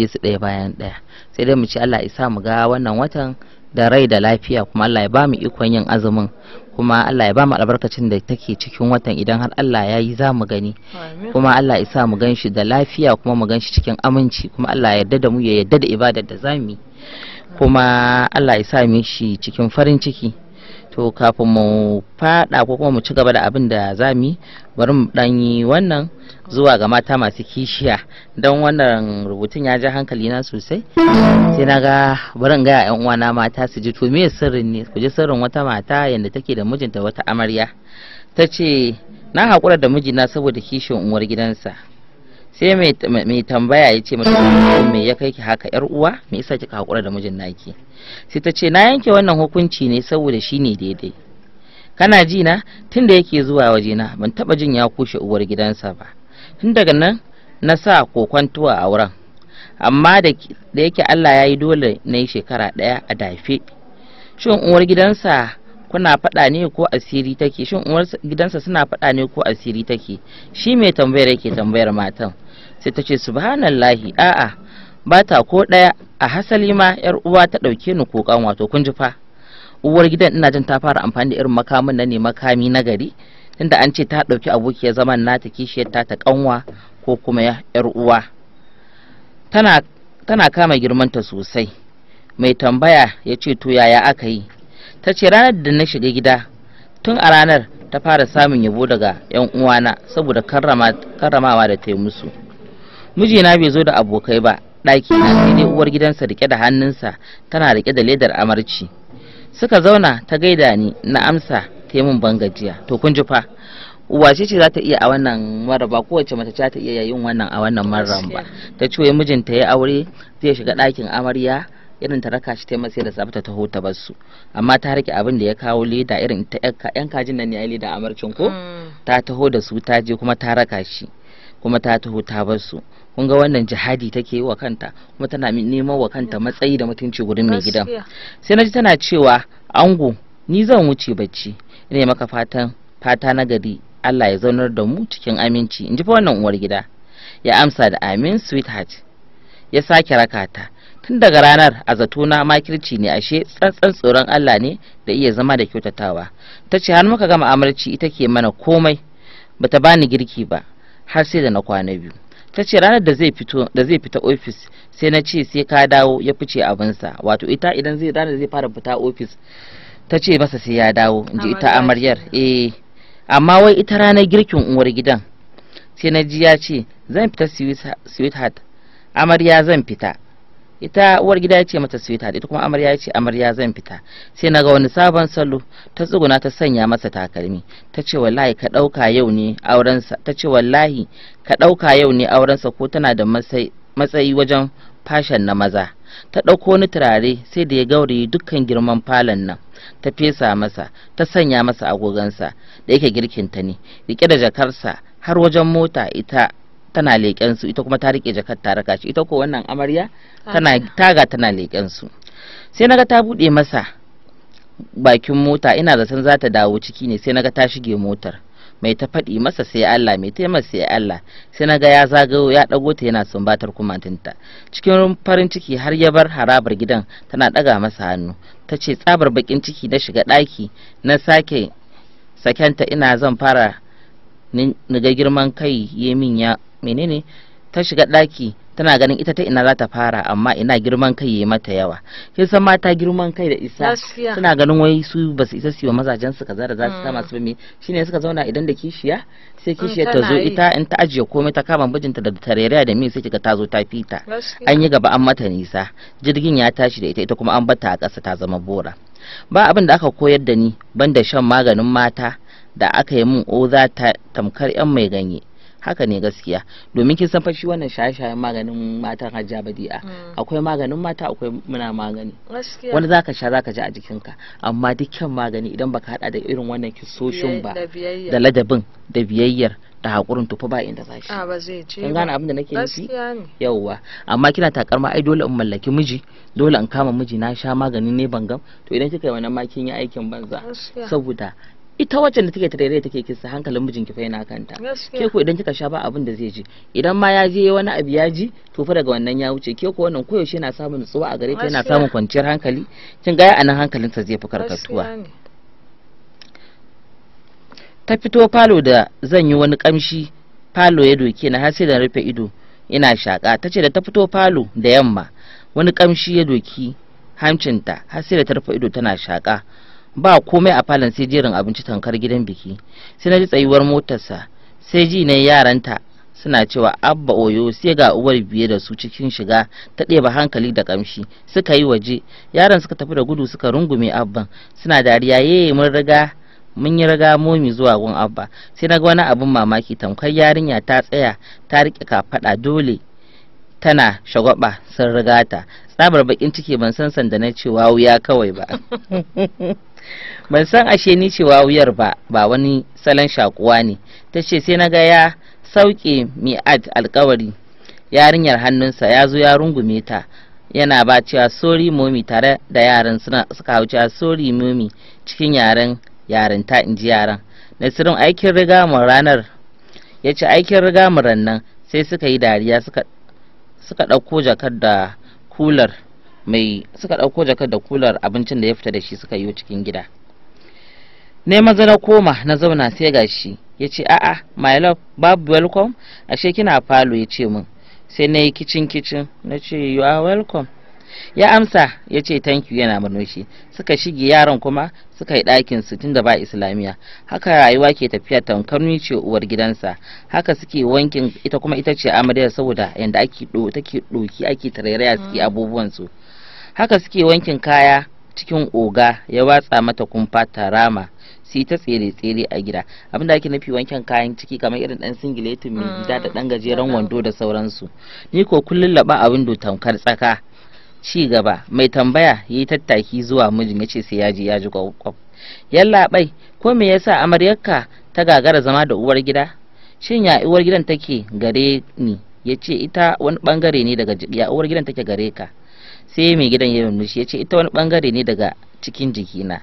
yi su ɗaya bayan ɗaya sai dai mu ci Allah isa mu ga wannan watan da rai da lafiya kuma Allah ya ba mu ikon yin azumin kuma Allah ya ba mu albarkacin da take cikin watan idan har Allah ya yi za mu gani kuma Allah ya mu gan shi da lafiya kuma mu gan shi cikin aminci kuma Allah ya yarda da mu ya yarda da ibadar da za mu yi kuma Allah ya sa mu shi cikin farin ciki to kafin mu fada ko kuma mu ci gaba da abin da za mu bari mu dan yi wannan zuwa ga mata masu kishiya don wannan rubutun ya ji hankali na sosai sai na ga barin ga yan uwana mata su ji to me sirrin ne ku ji sirrin wata mata yanda take da mijinta wata amarya ta ce na haƙura da mijina saboda kishin uwar gidansa sai mai tambaya ya ce mata me ya kai ki haka yar uwa me yasa kika hakura da mijin naki sai ta ce na yanke wannan hukunci ne saboda shi ne daidai kana ji na tunda yake zuwa wajena, ban taba jin ya kushe uwar gidansa ba tun daga nan na sa kokwantuwa a wurin amma da yake Allah ya yi dole na yi shekara ɗaya a dafe shin uwar gidansa kuna faɗa ne ko asiri take shin uwar gidansa suna faɗa ne ko asiri take shi mai tambayar yake tambayar matan sai ta ce subhanallahi a'a ba ta ko ɗaya a hasali ma yar uwa ta ɗauke ni kokan wato kun ji fa uwar gidan ina jin ta fara amfani da irin makamin na ne makami na gari tunda an ce ta ɗauki abokiyar zaman nata kishiyar ta ta kanwa ko kuma yar uwa tana tana kama girmanta sosai mai tambaya ya ce to yaya aka yi ta ce ranar da na shiga gida tun a ranar ta fara samun yabo daga 'yan uwana saboda karramawa da ta yi musu mijina bai zo da abokai ba ɗaki na sai dai uwar gidansa rike da hannunsa tana rike da ledar amarci suka zauna ta gaida ni na amsa ta min ban gajiya to kun ji fa wace ce za ta iya a wannan mara ba kowace mace za ta iya yin wannan a wannan marar ba ta ce mijinta ya aure zai shiga ɗakin amarya irin ta raka shi taimaka da sabta ta hota basu amma ta rike abin da ya kawo leda irin ta yan kajin nan ne leda amarcin ko mm. ta taho da su ta je kuma ta raka shi kuma ta taho ta bar su kun ga wannan jihadi take yi wa kanta kuma tana neman wa kanta matsayi da mutunci gurin mai gidan sai naji tana cewa ango ni zan wuce bacci ina maka fatan fata na gari Allah ya zaunar da mu cikin aminci in ji fa wannan uwar gida ya amsa da amin sweetheart ya sake raka ta tun daga ranar a zatona makirci ne ashe tsantsan tsoron Allah ne da iya zama da kyautatawa ta ce har muka gama amarci ita ke mana komai bata bani girki ba har sai da na kwana biyu ta ce ranar da zai fita ofis sai na ce sai ka dawo ya fice abinsa wato ita idan zai ranar da zai fara fita ofis ta ce masa sai ya dawo in ji ita amaryar eh amma wai ita ranar girkin uwar gidan sai na ji ya ce zan fita sweetheart amarya zan fita ita uwar gida ya ce mata sweetheart ita kuma amarya ya ce amarya zan fita sai na ga wani sabon salo ta tsuguna ta sanya masa takalmi ta ce wallahi ka ɗauka yau ne aurensa ta ce wallahi ka ɗauka yau ne sa ko tana da matsayi wajen fashan na maza ta ɗauko wani turare sai da ya gauraye dukkan girman falon nan ta fesa masa ta sanya masa agogansa da yake girkin ta ne rike da jakarsa har wajen mota ita tana leƙen su ita kuma ta rike jakar ta raka shi ita ko wannan amarya tana taga tana leƙen su sai naga ta bude masa bakin mota ina da san za ta dawo ciki ne sai naga ta shige motar mai ta faɗi masa sai Allah mai taima sai Allah sai naga ya zagayo ya dagota ta yana sumbatar kuma tinta cikin farin ciki har ya bar harabar gidan tana daga masa hannu ta ce tsabar bakin ciki na shiga ɗaki na sake sakenta ina zan fara ga girman kai ya ya menene ta shiga ɗaki tana ganin ita ta ina za ta fara amma ina girman kai ya mata yawa kin san mata girman kai da isa suna ganin wai su ba su isa su yi mazajen su kaza da za su kama mm. su ba me shine suka zauna idan da kishiya sai mm, kishiya ta zo ita in ta ajiye komai ta kama mijinta da tarayya da me sai kika ta zo ta fita an yi gaba an mata nisa jirgin ya tashi da ita ita kuma an bata a kasa ta zama bora ba abin da aka koyar da ni banda shan maganin mata da aka yi min oza ta tamkar yan mai ganye haka ne gaskiya domin kin san fa shi wannan shaye-shayen maganin matan hajja badi'a mm. akwai maganin mata akwai muna magani wani zaka sha zaka ji a jikinka amma dukkan magani idan baka hada da irin wannan kisoshin ba da ladabin da biyayyar da hakurin tufa ba inda za shi. A ba zai ce. gane abin da nake nufi? yauwa Amma kina takar ma ai dole in mallaki miji, dole in kama miji na sha magani ne ban bangam. To idan kika yi wannan makin kin yi aikin banza. Saboda ita wacce da take tare take kisa hankalin mijinki fa yana kanta ke ko idan kika sha ba abin da zai ji idan ma ya je wani abu ya ji to fa daga wannan ya wuce ke ko wannan koyaushe yana samun nutsuwa a gare ta yana samun kwanciyar hankali kin ga anan hankalinsa zai fi karkatuwa ta fito falo da zan yi wani kamshi falo ya doke na har sai da rufe ido ina shaka ta ce da ta fito falo da yamma wani kamshi ya doki hancinta har sai da ta rufe ido tana shaka ba komai a falon sai jerin abinci tankar gidan biki sai na ji tsayuwar motarsa sai ji na yaranta suna cewa abba oyo sai ga uwar biye da su cikin shiga ta ɗeba hankali da ƙamshi. suka yi waje yaran suka tafi da gudu suka rungume abban suna dariya ye mun riga mun yi riga momi zuwa gun abba sai na ga wani abin mamaki tamkar yarinya ta tsaya ta riƙe kafaɗa dole tana shagwaba sun riga ta. tsabar bakin ciki ban san sanda na cewa wuya kawai ba ban san ashe ni cewa wuyar ba ba wani salon shakuwa ne ta ce sai na ga ya sauke mi'ad alkawari yarinyar hannunsa ya zo ya rungume ta yana ba cewa sori momi tare da yaran suka hau cewa sori momi cikin yaren yaren ta in ji yaran nasirin aikin riga mu ranar ya ce aikin riga mu rannan sai suka yi dariya suka ɗauko jakar da kular mai suka ɗauko jakar da kular abincin da ya fita da shi suka yi cikin gida ne maza na koma na zauna sai gashi ya ce a'a my love babu welcome ashe kina falo ya ce min sai na yi kicin kicin na ce you are welcome ya amsa ya ce thank you yana murmushi suka shige yaron kuma suka yi ɗakin su tunda ba islamiya haka rayuwa ke tafiya tamkarni ce uwar gidansa haka suke wankin ita kuma ita ce amaryar saboda yadda ake ɗauki take ake tarairaya suke abubuwan su haka suke wankin kaya cikin oga ya watsa mata kumfa ta rama su ta tsere-tsere a gida abin da ake nufi wankin kayan ciki kamar irin dan singiletin mai mm, gida da dan gajeren wando da sauransu ni ko kullun laba abin windo tamkar tsaka ci gaba mai tambaya ya yi tattaki zuwa mijin ya ce sai ya ji ya ji kwakwaf yalla bai ko me yasa amaryarka ta gagara zama da uwar gida shin ya uwar gidan take gare ni ya ce ita wani bangare ne daga ya uwar gidan take gare ka sai mai gidan ya murmushi ya ce ita wani bangare ne daga cikin jikina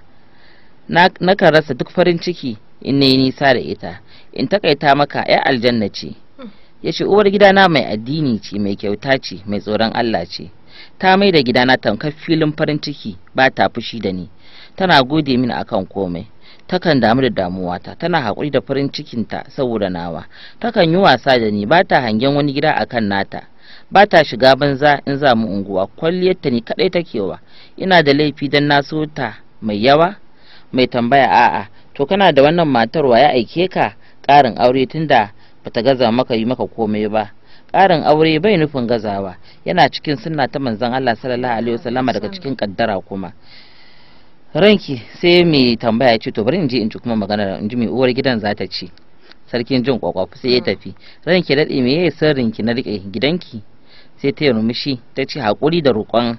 na kan rasa duk farin ciki in na yi nisa da ita in takaita maka ya aljanna ce ya ce uwar gidana mai addini ce mai kyauta ce mai tsoron allah ce ta mai da gidana tamkar filin farin ciki ba ta fushi da ni tana gode mini akan komai takan damu da damuwata tana haƙuri da farin cikinta saboda nawa takan yi wasa da ni ba ta hangen wani gida akan nata ba ta shiga banza in za mu unguwa Kwalliyar ta ne kadai wa ina da laifi dan na so ta mai yawa mai tambaya a'a to kana da wannan matar wa ya aike ka ƙarin aure tunda bata gaza maka yi maka komai ba karin aure bai nufin gazawa yana cikin sunna ta manzon Allah sallallahu alaihi wasallama daga cikin kaddara kuma ranki sai mai tambaya ce to bari in je in ci kuma magana in ji mai uwar gidan za ta ce sarkin jin kwakwafi sai ya tafi ranki daɗe me yayi sirrinki na riƙe gidanki sai ta murmushi ta ce haƙuri da roƙon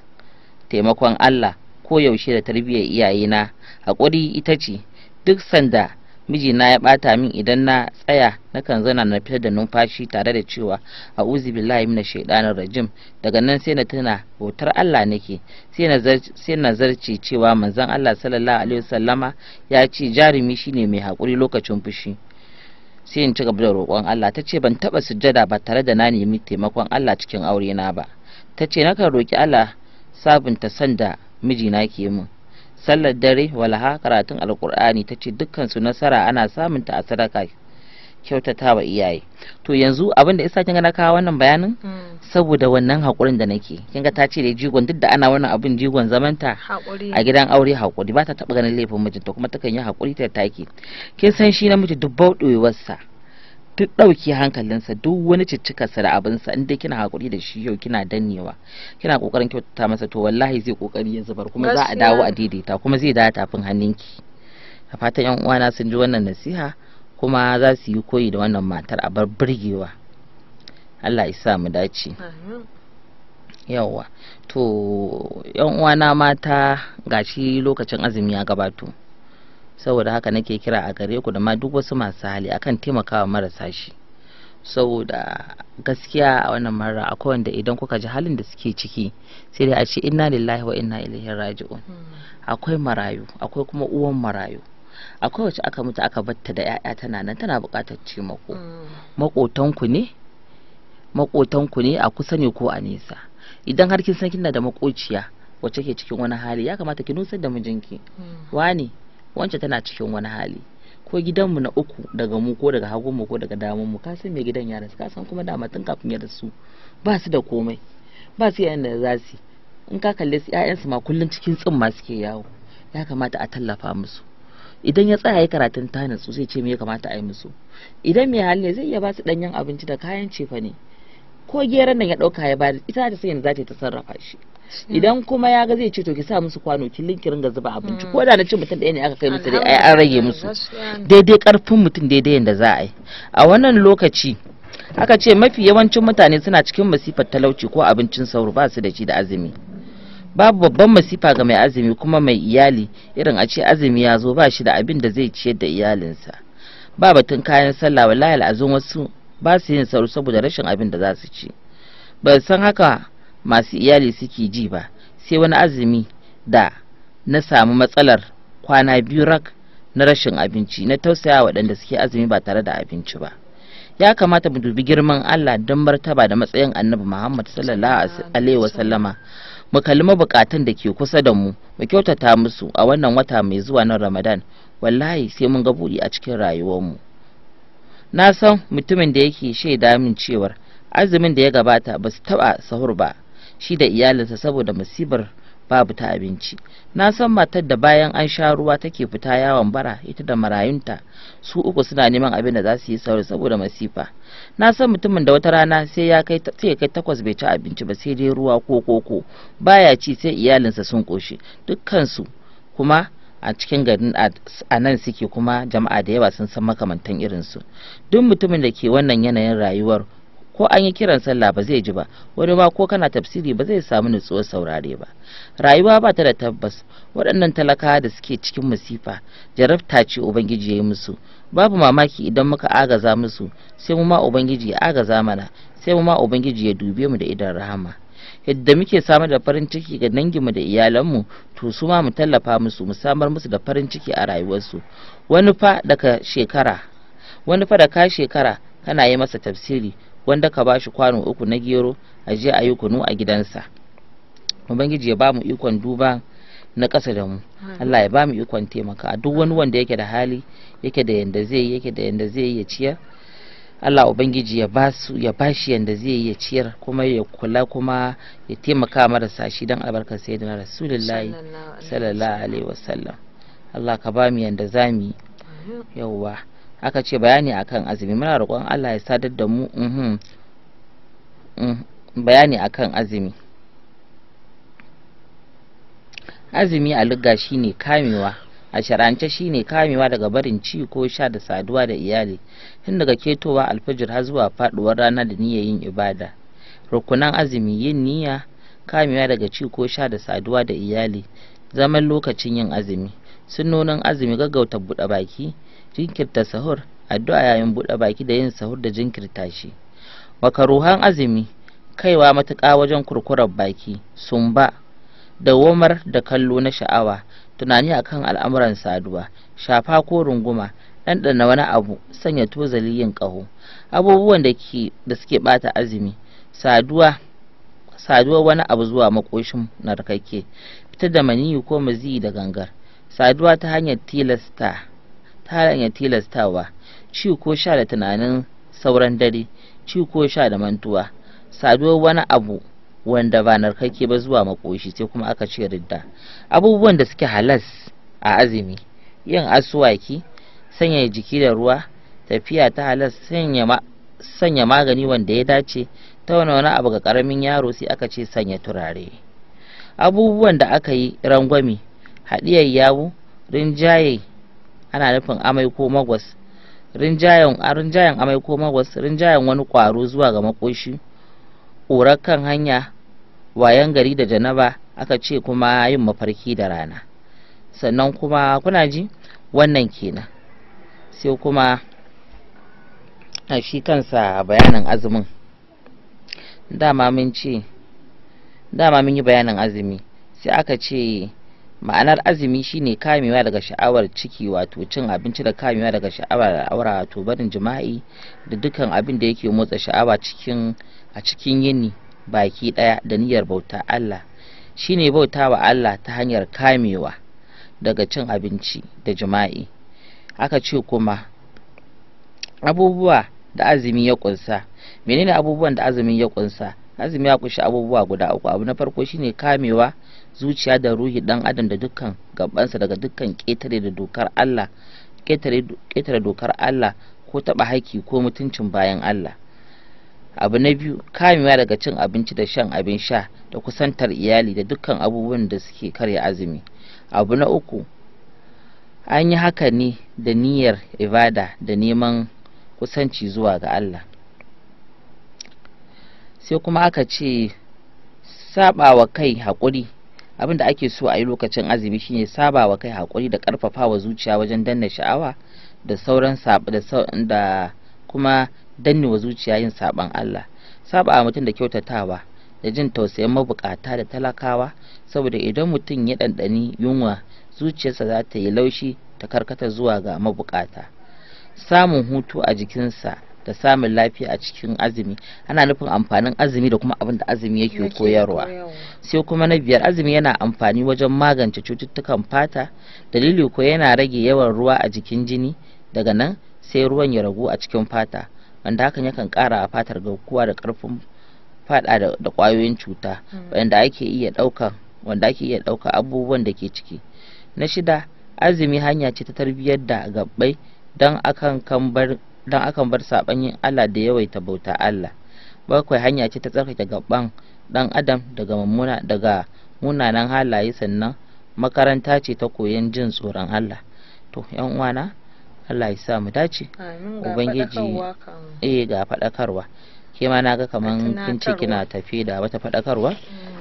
taimakon Allah ko yaushe da tarbiyyar iyayena haƙuri ita ce duk sanda mijina ya ɓata min idan na tsaya na kan zana na fitar da numfashi tare da cewa a uzi billahi mina shaidanar rajim daga nan sai na tana bautar Allah nake sai na zarce cewa manzon Allah sallallahu alaihi wasallama ya ce jarumi shine mai haƙuri lokacin fushi sai in ci gaba da roƙon Allah ta ce ban taɓa sujjada ba tare da na nemi taimakon Allah cikin aure na ba ta ce nakan roƙi Allah sabunta sanda mijina ke min sallar dare walaha karatun Alƙur'ani ta ce dukkan nasara ana samunta a sadaka kyautata wa iyaye to yanzu abin da isa kin na kawo wannan bayanin hmm. saboda wannan hakurin da nake kin ga ta ce da jigon duk da ana wannan abin jigon zamanta a gidan aure hakuri ba ta taba ganin laifin mijinta kuma takan yi hakuri ta take kin san shi na namiji duk sa duk ɗauki hankalinsa duk wani sa da abinsa in inda kina hakuri da shi yau kina dannewa kina kokarin kyautata masa to wallahi zai kokari ya zubar kuma za a dawo a daidaita kuma zai dawo tafin hannunki a fatan yan uwana sun ji wannan nasiha kuma za su yi koyi da wannan matar a bar birgewa Allah ya sa mu dace yawwa to yan uwana mata gashi lokacin azumi ya gabato saboda haka nake kira a gare ku da ma duk wasu masu hali akan taimakawa marasa shi saboda gaskiya a wannan mara akwai wanda idan kuka ji halin da suke ciki sai dai a ce inna lillahi wa inna ilaihi raji'un hmm. akwai marayu akwai kuma uwan marayu akwai wacce aka mutu aka batta da 'ya'ya tana nan tana buƙatar taimako mm. maƙotanku ne makotanku ne a kusa ne ko a nesa idan har kin san kina da makociya wacce ke cikin wani hali ya kamata ki nusar da mijinki mm. wani wance tana cikin wani hali ko gidanmu na uku daga mu ko daga hagun mu ko daga damun mu ka san me gidan yaran su ka kuma da tun kafin ya rasu ba su da komai ba su yayin da za su in ka kalle su 'ya'yansu ma kullum cikin tsimma suke yawo ya kamata a tallafa musu idan ya tsaya ya karatun ta su zai ce me ya kamata a yi musu idan mai hali ne zai iya ba su danyen abinci da kayan cefa ne ko geran nan ya ɗauka ya bada ita ta sayin za ta ta sarrafa shi idan kuma ya ga zai ce to ki sa musu kwano ki linki ringa zuba abinci mm. ko da na ce mutum ɗaya ne aka kai musu dai ai an rage musu daidai karfin mutum daidai yanda za a yi a wannan lokaci aka ce mafi yawancin mutane suna cikin masifar talauci ko abincin sauro ba su da shi da azumi babu babban masifa ga mai azumi kuma mai iyali irin a ce azumi ya zo ba shi da abin da zai ciyar da iyalinsa ba batun kayan sallah wa wallahi azun wasu ba su yin sauri saboda rashin abin da za su ci ba san haka masu iyali suke ji ba sai wani azumi da na samu matsalar kwana biyu rak na rashin abinci na tausaya waɗanda suke azumi ba tare da abinci ba ya kamata mu dubi girman Allah don martaba da matsayin annabi Muhammad sallallahu alaihi wasallama mu kalli bukatun da ke kusa da mu mu kyautata musu a wannan wata mai zuwa na ramadan wallahi sai mun ga buɗi a cikin rayuwar mu. na san mutumin da yake shaida min cewar azumin da ya gabata ba su taɓa sahur ba shi da iyalinsa saboda musibar babu ta abinci na san matar da bayan an sha ruwa take fita yawon bara ita da marayunta su uku suna neman abin da za su yi sauri saboda masifa na san mutumin da wata rana sai ya kai sai ya kai takwas bai ci abinci ba sai dai ruwa ko koko baya ci sai iyalinsa sun koshi Dukkansu, kuma a cikin garin a nan suke kuma jama'a da yawa sun san makamantan irinsu duk mutumin da ke wannan yanayin rayuwar ko an yi kiran sallah ba zai ji ba wani ma ko kana tafsiri ba zai samu nutsuwar saurare ba rayuwa ba ta da tabbas waɗannan talakawa da suke cikin masifa jarabta ce ubangiji ya yi musu babu mamaki idan muka agaza musu sai mu ma ubangiji ya agaza mana sai mu ma ubangiji ya dube mu da idan rahama yadda muke samar da farin ciki ga danginmu da iyalanmu to su ma mu tallafa musu mu samar musu da farin ciki a rayuwarsu wani fa daga shekara wani fa da ka shekara kana yi masa tafsiri wanda ka ba shi kwano uku na gero a je a yi kunu a gidansa ubangiji ya mu ikon duba na ƙasa da mu Allah ya ba mu ikon taimaka a duk wani wanda yake da hali yake da yanda zai yake da yanda zai ya ciyar Allah ubangiji ya ba su ya ba shi yanda zai ya ciyar kuma ya kula kuma ya taimaka marasa shi don albarkar sayyidina rasulullahi sallallahu alaihi wasallam Allah ka ba mu yanda zamu yauwa aka ce bayani akan azumi muna roƙon Allah ya sadar da mu bayani akan azumi azumi a lugga shine kamewa a sharance shine kamewa daga barin ci ko sha da saduwa da iyali tun daga ketowa alfajir har zuwa faduwar rana da niyyar yin ibada rukunan azumi yin niyya kamewa daga ci ko sha da saduwa da iyali zaman lokacin yin azumi sunnonin azumi gaggauta buɗe baki jinkirta sahur addu'a yayin buɗe baki da yin sahur da jinkirta shi makaruhan azumi kaiwa matuƙa wajen kurkurar baki sumba womar da kallo na sha'awa tunani akan al'amuran saduwa shafa ko runguma ɗanɗana wani abu sanya tozali yin ƙaho abubuwan da suke ɓata azumi saduwa saduwa wani abu zuwa makoshin narkake fitar da maniyi ko maziyi da gangar saduwa ta hanyar tilasta ta hanyar tilastawa ci ko sha da tunanin sauran dare ci ko sha da mantuwa saduwar wani abu wanda ba narkake ba zuwa makoshi sai kuma aka ce ridda abubuwan da suke halas a azumi yin asuwaki sanya jiki da ruwa tafiya ta halas sanya magani wanda ya dace ta wani wani abu ga karamin yaro sai aka ce sanya turare abubuwan da aka yi rangwami haɗiyar yawu rinjaye ana nufin amai ko magwas rinjayen a rinjayen amai ko magwas rinjayen wani kwaro zuwa ga makoshi ƙurar kan hanya wayan gari da janaba aka ce kuma yin mafarki da rana sannan kuma kuna ji wannan kenan sai kuma a shi kansa bayanin azumin dama mun ce dama mun yi bayanin azumi sai aka ce ma'anar azumi shine kamewa daga sha'awar ciki wato cin abinci da kamewa daga sha'awar aura wato barin jima'i da dukkan abin da yake motsa sha'awa cikin a cikin yini baki daya da niyyar bauta Allah shine bauta wa Allah ta hanyar kamewa daga cin abinci da jima'i aka ce kuma abubuwa da azumi ya kunsa menene abubuwan da azumin ya kunsa azumi ya kunshi abubuwa guda uku abu na farko shine kamewa zuciya da ruhi dan adam da dukkan gabansa daga dukkan ƙetare da dokar Allah ketare dokar Allah ko taɓa haki ko mutuncin bayan Allah abu na biyu kamewa daga cin abinci da shan abin sha da kusantar iyali da dukkan abubuwan da suke karya azumi abu na uku an yi haka ne da niyyar ibada da neman kusanci zuwa ga Allah sai kuma aka ce saɓa wa kai haƙuri abin da ake so a yi lokacin azumi shine saba wa kai hakuri da ƙarfafawa zuciya wajen danna sha'awa da sauran da kuma danne wa zuciya yin saban Allah saba a mutum da kyautatawa da jin tausayin mabukata da talakawa saboda idan mutum ya ɗanɗani yunwa zuciyarsa za ta yi laushi ta karkata zuwa ga mabukata samun hutu a jikinsa da samun lafiya a cikin azumi ana nufin amfanin azumi da kuma abin da azumi yake koyarwa sai kuma na biyar azumi yana amfani wajen magance cututtukan fata dalili ko yana rage yawan ruwa a jikin jini daga nan sai ruwan ya ragu a cikin fata wanda hakan yakan kara a fatar garkuwa da karfin fada da kwayoyin cuta hmm. wanda ake iya dauka wanda ake iya dauka abubuwan da ke ciki na shida azumi hanya ce ta tarbiyyar da gabbai don akan kan bar don akan bar saɓan yin Allah da yawaita bauta Allah bakwai hanya ce ta tsarkake gaban ɗan adam daga mummuna daga munanan halaye sannan makaranta ce ta koyan jin tsoron Allah to yan uwana Allah ya sa mu dace ubangiji eh ga faɗakarwa kima ma na ga kaman kin ce kina tafi da wata faɗakarwa mm.